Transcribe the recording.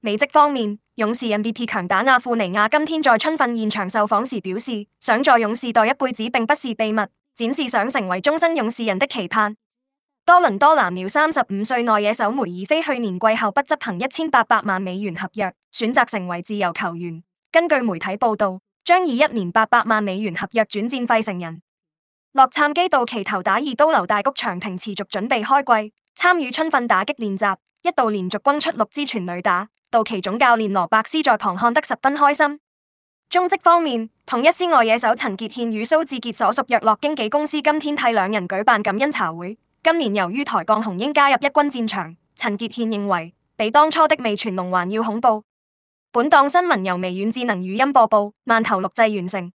美職方面，勇士 MVP 強打阿庫尼亞今天在春訓現場受訪時表示，想在勇士待一輩子並不是秘密，展示想成為終身勇士人的期盼。多倫多藍鳥三十五歲內野手梅爾菲去年季後不執行一千八百萬美元合約，選擇成為自由球員，根據媒體報道，將以一年八百萬美元合約轉戰費城人。洛杉磯道奇投打二刀流大谷長平持續準備開季，參與春訓打擊練習，一度連續轟出六支全壘打。到奇總教練羅伯斯在旁看得十分開心。中職方面，統一獅外野手陳傑憲與蘇智傑所屬約樂經紀公司今天替兩人舉辦感恩茶會。今年由於台鋼雄鷹加入一軍戰場，陳傑憲認為比當初的味全龍還要恐怖。本檔新聞由微軟智能語音播報，饅頭錄製完成。